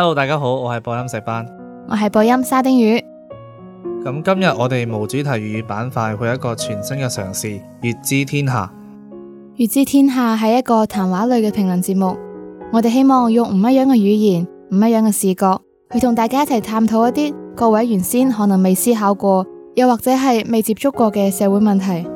Hello，大家好，我係播音石班，我係播音沙丁魚。咁今日我哋無主題粵語板塊會有一個全新嘅嘗試，粵知天下。粵知天下係一個談話類嘅評論節目，我哋希望用唔一樣嘅語言、唔一樣嘅視覺，去同大家一齊探討一啲各位原先可能未思考過，又或者係未接觸過嘅社會問題。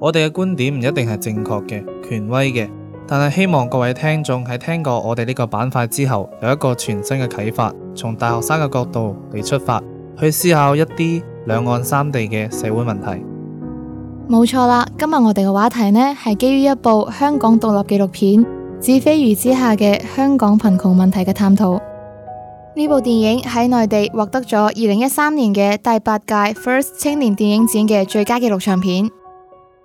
我哋嘅觀點唔一定係正確嘅、權威嘅。但係希望各位聽眾喺聽過我哋呢個板塊之後，有一個全新嘅啟發，從大學生嘅角度嚟出發，去思考一啲兩岸三地嘅社會問題。冇錯啦，今日我哋嘅話題呢係基於一部香港獨立紀錄片《子非魚之下》嘅香港貧窮問題嘅探討。呢部電影喺內地獲得咗二零一三年嘅第八屆 First 青年電影展嘅最佳紀錄長片。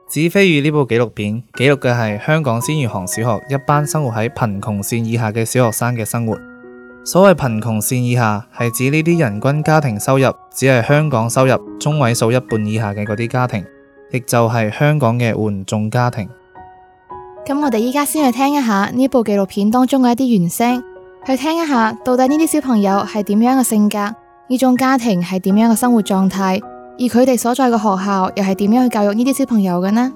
子非魚呢部紀錄片記錄嘅係香港鮮魚行小學一班生活喺貧窮線以下嘅小學生嘅生活。所謂貧窮線以下，係指呢啲人均家庭收入只係香港收入中位數一半以下嘅嗰啲家庭，亦就係香港嘅換眾家庭。咁我哋而家先去聽一下呢部紀錄片當中嘅一啲原聲，去聽一下到底呢啲小朋友係點樣嘅性格，呢種家庭係點樣嘅生活狀態。而佢哋所在嘅學校又係點樣去教育呢啲小朋友嘅呢？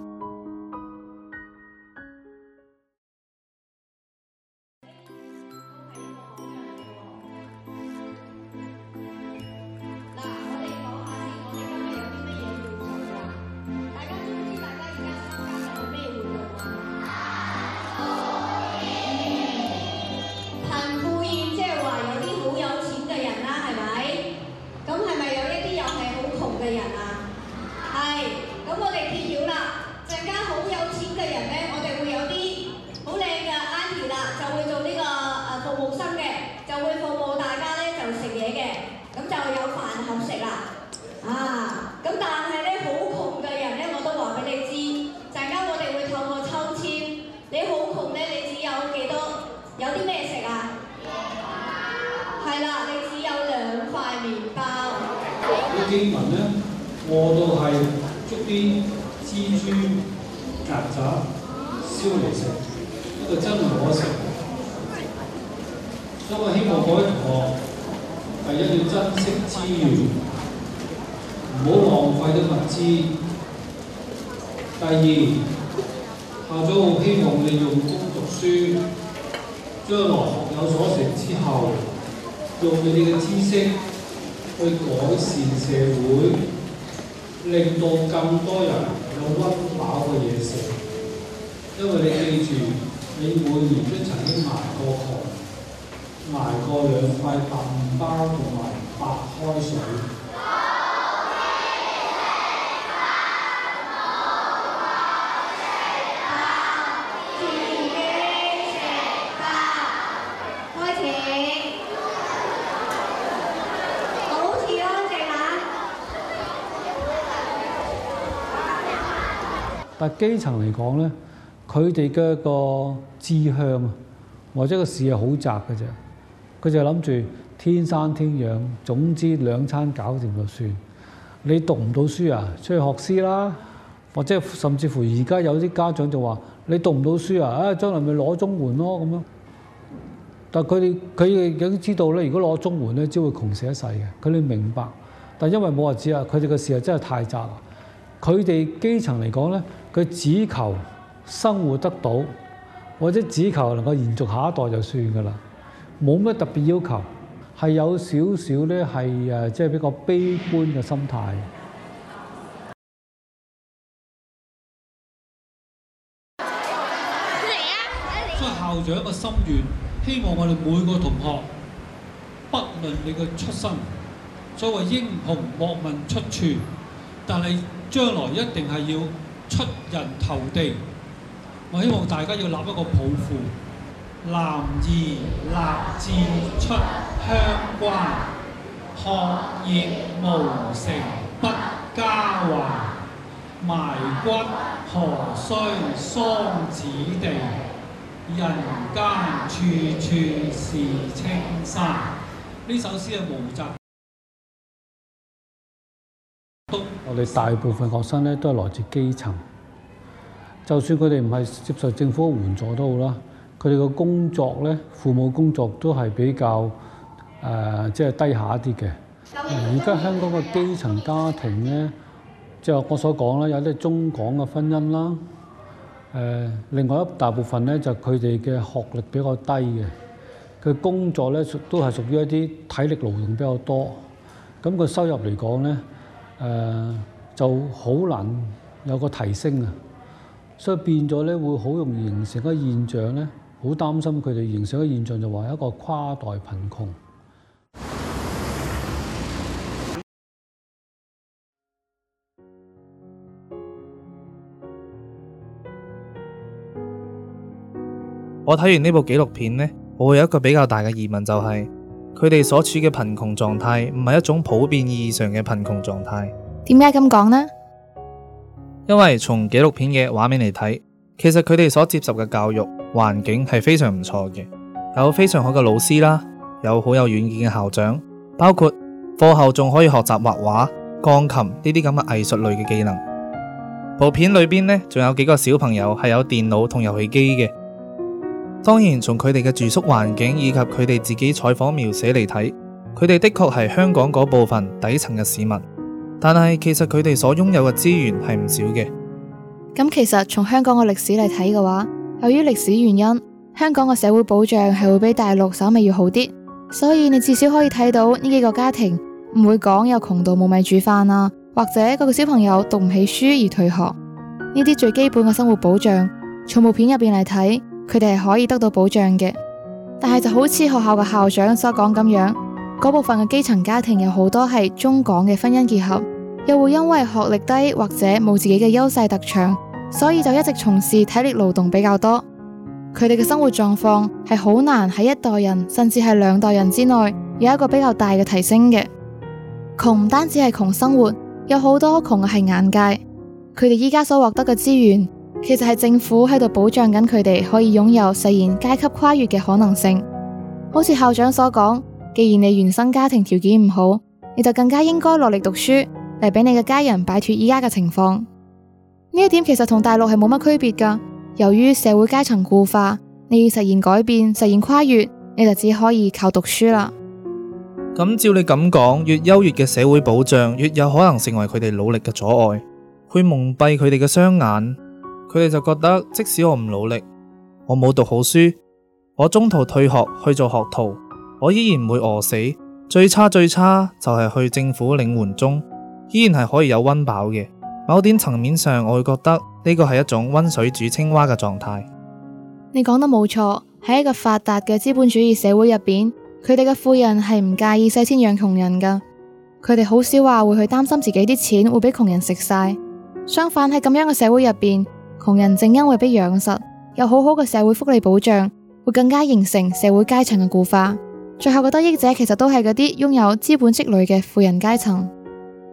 居民咧餓到係捉啲蜘蛛、曱甴燒嚟食，呢個真係可惜。所以我希望各位同學，第一要珍惜資源，唔好浪費啲物資。第二，下晝希望你用功讀書，將來學有所成之後，用你哋嘅知識。去改善社會，令到更多人有溫飽嘅嘢食。因為你記住，你每年都曾經埋過糖，埋過兩塊白麵包同埋白開水。但係基層嚟講呢，佢哋嘅個志向或者個視野好窄嘅啫，佢就諗住天生天養，總之兩餐搞掂就算。你讀唔到書啊，出去學師啦，或者甚至乎而家有啲家長就話：你讀唔到書啊，啊將來咪攞綜援咯咁樣。但係佢哋佢哋已經知道咧，如果攞綜援呢，只會窮死一世嘅。佢哋明白，但因為冇人知啊，佢哋個視野真係太窄啦。佢哋基層嚟講咧，佢只求生活得到，或者只求能夠延續下一代就算噶啦，冇乜特別要求，係有少少咧係誒，即係比較悲觀嘅心態。嚟啊！所以校長嘅心願，希望我哋每個同學，不論你嘅出身，所謂英雄莫問出處。但係將來一定係要出人頭地，我希望大家要立一個抱負。男兒立志出鄉關，學業無成不家還。埋骨何須桑梓地？人間處處是青山。呢首詩係毛澤。我哋大部分學生咧都係來自基層，就算佢哋唔係接受政府援助都好啦，佢哋個工作咧，父母工作都係比較誒，即係低下一啲嘅。而家香港個基層家庭咧，即係我所講啦，有啲中港嘅婚姻啦，誒、呃，另外一大部分咧就佢哋嘅學歷比較低嘅，佢工作咧都係屬於一啲體力勞動比較多，咁個收入嚟講咧。誒、呃、就好難有個提升啊，所以變咗咧會好容易形成，形成一個現象咧，好擔心佢哋形成一個現象就話有一個跨代貧窮。我睇完呢部紀錄片咧，我有一個比較大嘅疑問就係、是。佢哋所處嘅貧窮狀態唔係一種普遍意義上嘅貧窮狀態。點解咁講呢？因為從紀錄片嘅畫面嚟睇，其實佢哋所接受嘅教育環境係非常唔錯嘅，有非常好嘅老師啦，有好有遠見嘅校長，包括課後仲可以學習畫畫、鋼琴呢啲咁嘅藝術類嘅技能。部片裏邊呢，仲有幾個小朋友係有電腦同遊戲機嘅。當然，從佢哋嘅住宿環境以及佢哋自己採訪描寫嚟睇，佢哋的確係香港嗰部分底層嘅市民。但係其實佢哋所擁有嘅資源係唔少嘅。咁其實從香港嘅歷史嚟睇嘅話，由於歷史原因，香港嘅社會保障係會比大陸稍微要好啲，所以你至少可以睇到呢幾個家庭唔會講有窮到冇米煮飯啦、啊，或者個個小朋友讀唔起書而退學呢啲最基本嘅生活保障。從部片入邊嚟睇。佢哋係可以得到保障嘅，但係就好似學校嘅校長所講咁樣，嗰部分嘅基層家庭有好多係中港嘅婚姻結合，又會因為學歷低或者冇自己嘅優勢特長，所以就一直從事體力勞動比較多。佢哋嘅生活狀況係好難喺一代人，甚至係兩代人之內有一個比較大嘅提升嘅。窮唔單止係窮生活，有好多窮嘅係眼界。佢哋依家所獲得嘅資源，其實係政府喺度保障緊佢哋可以擁有實現階級跨越嘅可能性。好似校長所講，既然你原生家庭條件唔好，你就更加應該落力讀書嚟俾你嘅家人擺脫依家嘅情況。呢一點其實同大陸係冇乜區別噶。由於社會階層固化，你要實現改變、實現跨越，你就只可以靠讀書啦。咁照你咁講，越優越嘅社會保障越有可能成為佢哋努力嘅阻礙，去蒙蔽佢哋嘅雙眼。佢哋就覺得，即使我唔努力，我冇讀好書，我中途退學去做學徒，我依然唔會餓死。最差最差就係去政府領綜援，依然係可以有溫飽嘅。某點層面上，我會覺得呢個係一種溫水煮青蛙嘅狀態。你講得冇錯，喺一個發達嘅資本主義社會入邊，佢哋嘅富人係唔介意使錢養窮人噶，佢哋好少話會去擔心自己啲錢會俾窮人食晒。相反喺咁樣嘅社會入邊。窮人正因為被養實，有好好嘅社會福利保障，會更加形成社會階層嘅固化。最後嘅得益者其實都係嗰啲擁有資本積累嘅富人階層。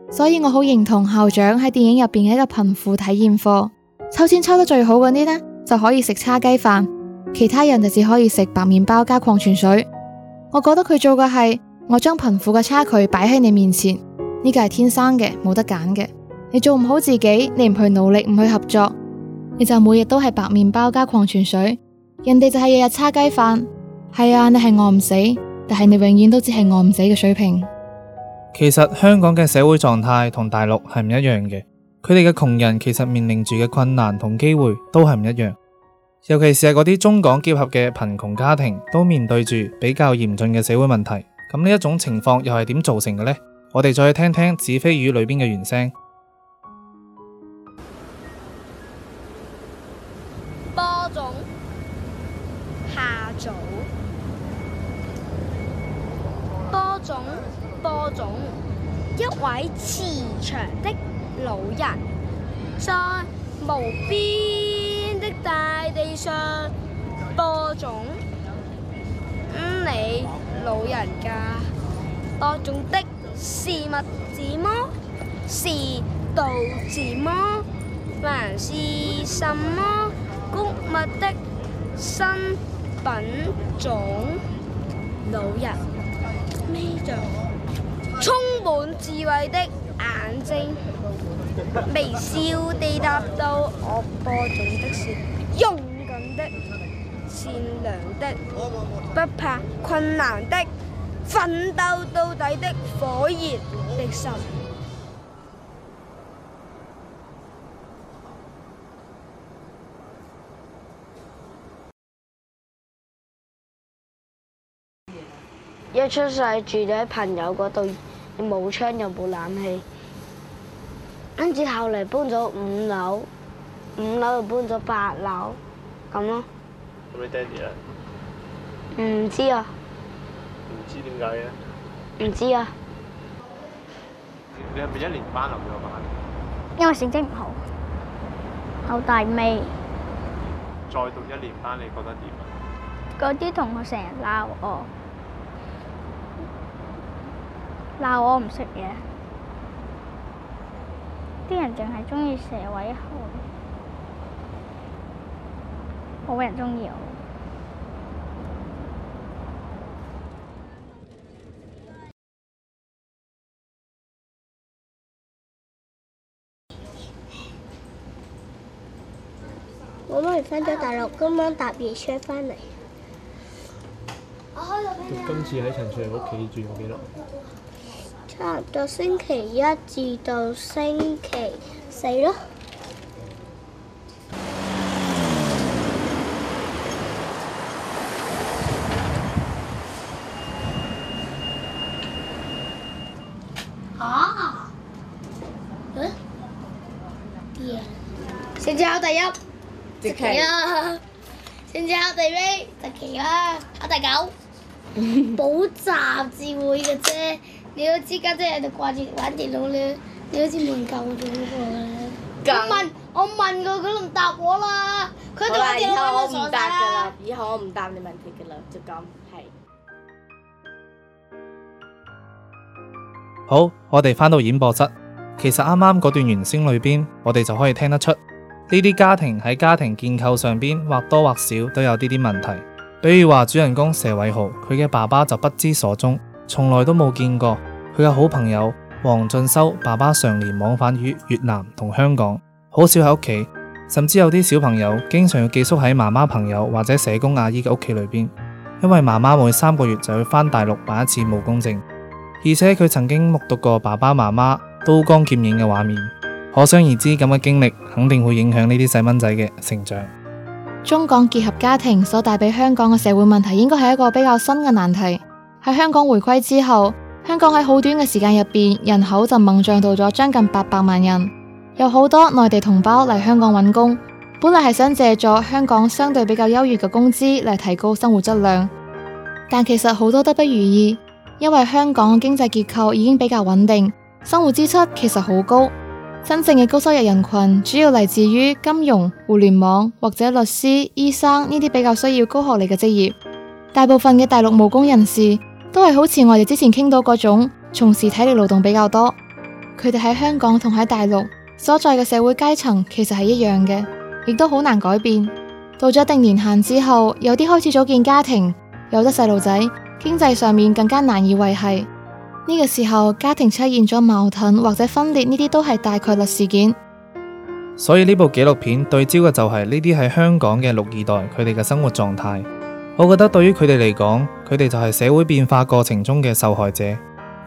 所以我好認同校長喺電影入邊嘅一個貧富體驗課，抽簽抽得最好嗰啲呢，就可以食叉雞飯，其他人就只可以食白麵包加礦泉水。我覺得佢做嘅係我將貧富嘅差距擺喺你面前，呢個係天生嘅，冇得揀嘅。你做唔好自己，你唔去努力，唔去合作。你就每日都係白麵包加礦泉水，人哋就係日日叉雞飯。係啊，你係餓唔死，但係你永遠都只係餓唔死嘅水平。其實香港嘅社會狀態同大陸係唔一樣嘅，佢哋嘅窮人其實面臨住嘅困難同機會都係唔一樣。尤其是係嗰啲中港結合嘅貧窮家庭，都面對住比較嚴峻嘅社會問題。咁呢一種情況又係點造成嘅呢？我哋再去聽聽子非魚裏邊嘅原聲。種播種播種，一位慈祥的老人在無邊的大地上播種。你老人家播種的是麥子麼是？是稻子麼？還是什麼穀物的新品種老人，眯著充滿智慧的眼睛，微笑地答道：我播種的是勇敢的、善良的、不怕困難的、奮鬥到底的火熱的心。一出世住咗喺朋友嗰度，冇窗又冇冷氣，跟住後嚟搬咗五樓，五樓又搬咗八樓，咁咯。咁、啊啊、你爹哋咧？唔知啊。唔知點解嘅？唔知啊。你係咪一年班留咗班？因為成績唔好，好大味。再讀一年班你覺得點啊？嗰啲同學成日鬧我。鬧我唔識嘢，啲人淨係中意蛇尾熊，我唔中意。我媽咪翻咗大陸，今晚搭夜車翻嚟。我今次喺陳翠玲屋企住咗幾耐？差唔多星期一至到星期四咯。嚇？嗯？點？先至考第一日，第二，先至考第二日，第幾啦？考第九，補習智慧嘅啫。你好似家姐喺度掛住玩電腦咧，你好似問夠咗我啦。我問，我問過佢都唔答我啦。佢就話：點解我唔答噶啦？以後我唔答，答你問題噶啦，就咁係。好，我哋返到演播室。其實啱啱嗰段原聲裏邊，我哋就可以聽得出呢啲家庭喺家庭建構上邊或多或少都有啲啲問題。比如話主人公佘偉豪，佢嘅爸爸就不知所蹤，從來都冇見過。佢嘅好朋友黃俊修，爸爸常年往返於越，越南同香港，好少喺屋企，甚至有啲小朋友經常要寄宿喺媽媽朋友或者社工阿姨嘅屋企裏邊，因為媽媽每三個月就要翻大陸辦一次務工證，而且佢曾經目睹過爸爸媽媽刀光劍影嘅畫面，可想而知咁嘅經歷肯定會影響呢啲細蚊仔嘅成長。中港結合家庭所帶俾香港嘅社會問題，應該係一個比較新嘅難題。喺香港回歸之後。香港喺好短嘅時間入邊，人口就猛漲到咗將近八百萬人，有好多內地同胞嚟香港揾工，本嚟係想借助香港相對比較優越嘅工資嚟提高生活質量，但其實好多都不如意，因為香港嘅經濟結構已經比較穩定，生活支出其實好高，真正嘅高收入人群主要嚟自於金融、互聯網或者律師、醫生呢啲比較需要高學歷嘅職業，大部分嘅大陸務工人士。都係好似我哋之前傾到嗰種，從事體力勞動比較多，佢哋喺香港同喺大陸所在嘅社會階層其實係一樣嘅，亦都好難改變。到咗一定年限之後，有啲開始組建家庭，有得細路仔，經濟上面更加難以維繫。呢個時候，家庭出現咗矛盾或者分裂，呢啲都係大概率事件。所以呢部紀錄片對焦嘅就係呢啲喺香港嘅陸二代，佢哋嘅生活狀態。我覺得對於佢哋嚟講，佢哋就係社會變化過程中嘅受害者。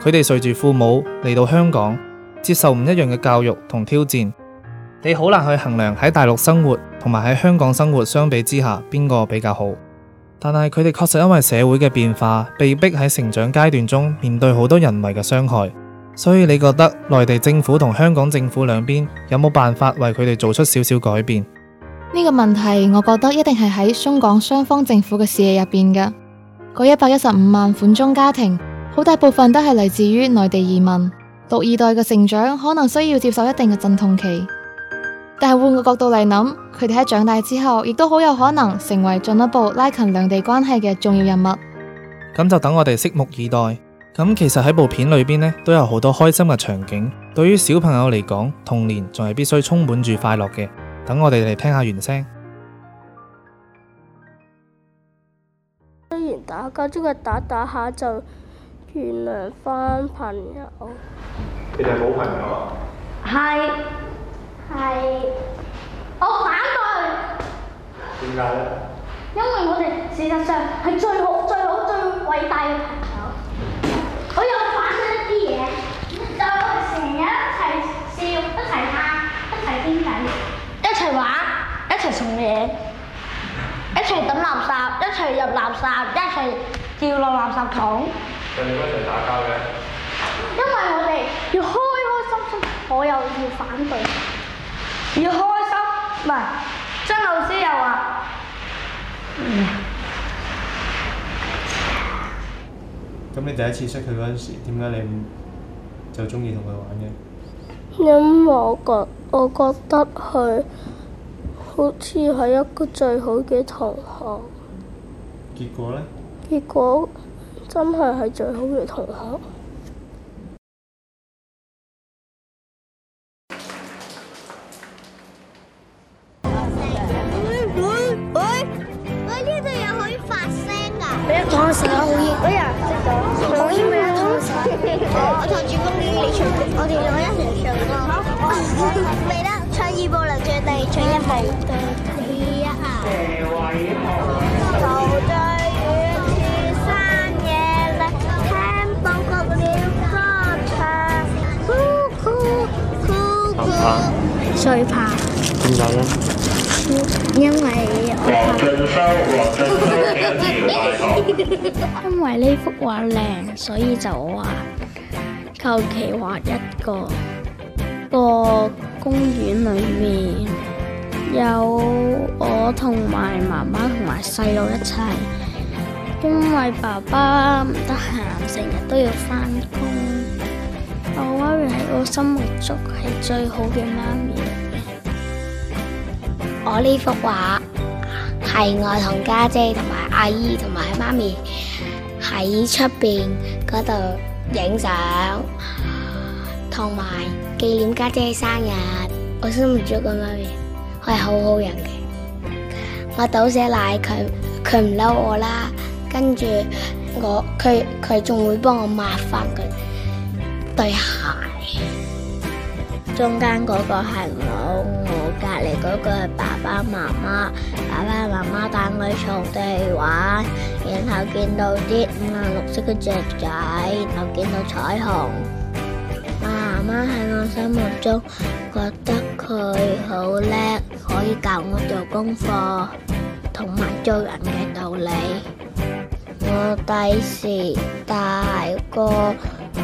佢哋隨住父母嚟到香港，接受唔一樣嘅教育同挑戰。你好難去衡量喺大陸生活同埋喺香港生活相比之下邊個比較好。但係佢哋確實因為社會嘅變化，被迫喺成長階段中面對好多人為嘅傷害。所以你覺得內地政府同香港政府兩邊有冇辦法為佢哋做出少少改變？呢個問題，我覺得一定係喺中港雙方政府嘅視野入邊嘅。嗰一百一十五萬款中家庭，好大部分都係嚟自於內地移民陸二代嘅，成長，可能需要接受一定嘅陣痛期。但係換個角度嚟諗，佢哋喺長大之後，亦都好有可能成為進一步拉近兩地關係嘅重要人物。咁就等我哋拭目以待。咁其實喺部片裏邊呢，都有好多開心嘅場景。對於小朋友嚟講，童年仲係必須充滿住快樂嘅。等我哋嚟聽下原聲。雖然打交，即係打打下就原諒翻朋友。你哋冇好朋友？啊。係係，我反對。點解咧？因為我哋事實上係最好、最好、最偉大嘅朋友。我有。一齊送嘢，一齊抌垃圾，一齊入垃圾，一齊掉落垃圾桶。咁你乜嘢打交嘅？因為我哋要開開心心，我又要反對。要開心，唔係張老師又話。嗯。咁你第一次識佢嗰陣時，點解你唔就中意同佢玩嘅？因為我覺我覺得佢。好似係一個最好嘅同學，結果咧？結果真係係最好嘅同學。最怕？點解呢？因為我怕。因為呢幅畫靚，所以就話，求其畫一個，個公園裏面有我同埋媽媽同埋細佬一齊。因為爸爸唔得閒，成日都要翻工。我媽咪喺我心目中係最好嘅媽咪嚟嘅。我呢幅畫係我同家姐同埋阿姨同埋喺媽咪喺出邊嗰度影相，同埋紀念家姐生日。我心目中嘅媽咪係好好人嘅。我倒寫奶佢，佢唔嬲我啦。跟住我，佢佢仲會幫我抹翻佢。對鞋，中間嗰個係我，我隔離嗰個係爸爸媽媽。爸爸媽媽帶我去草地玩，然後見到啲五顏六色嘅雀仔，然後見到彩虹。媽媽喺我心目中覺得佢好叻，可以教我做功課，同埋做人嘅道理。我第時大個。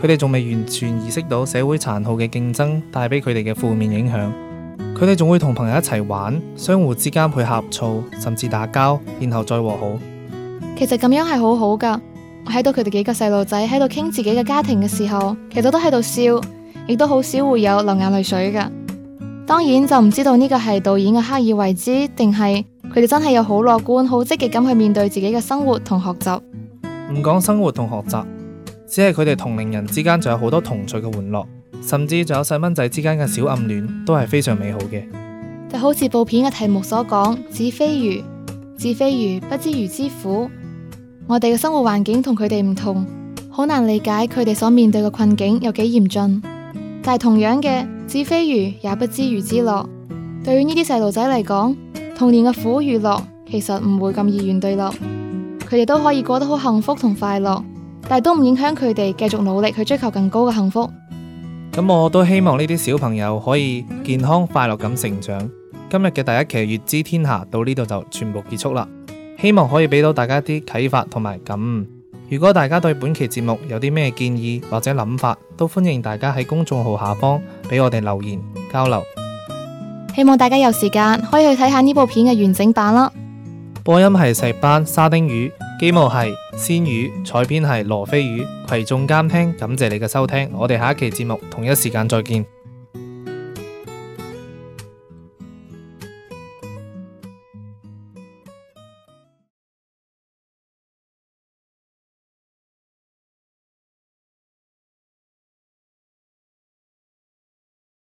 佢哋仲未完全意識到社會殘酷嘅競爭帶俾佢哋嘅負面影響，佢哋仲會同朋友一齊玩，相互之間配合、嘈，甚至打交，然後再和好。其實咁樣係好好噶。我睇到佢哋幾個細路仔喺度傾自己嘅家庭嘅時候，其實都喺度笑，亦都好少會有流眼淚水㗎。當然就唔知道呢個係導演嘅刻意為之，定係佢哋真係有好樂觀、好積極咁去面對自己嘅生活同學習。唔講生活同學習。只係佢哋同齡人之間仲有好多童趣嘅玩樂，甚至仲有細蚊仔之間嘅小暗戀，都係非常美好嘅。就好似部片嘅題目所講，子非魚，子非魚，不知魚之苦。我哋嘅生活環境同佢哋唔同，好難理解佢哋所面對嘅困境有幾嚴峻。但係同樣嘅，子非魚也不知魚之樂。對於呢啲細路仔嚟講，童年嘅苦與樂其實唔會咁易然對立，佢哋都可以過得好幸福同快樂。但都唔影響佢哋繼續努力去追求更高嘅幸福。咁我都希望呢啲小朋友可以健康快樂咁成長。今日嘅第一期《月之天下》到呢度就全部結束啦。希望可以俾到大家一啲啟發同埋感悟。如果大家對本期節目有啲咩建議或者諗法，都歡迎大家喺公眾號下方俾我哋留言交流。希望大家有時間可以去睇下呢部片嘅完整版啦。播音係石斑沙丁魚。機務係鮮魚，採編係羅非魚。葵眾監聽，感謝你嘅收聽。我哋下一期節目同一時間再見。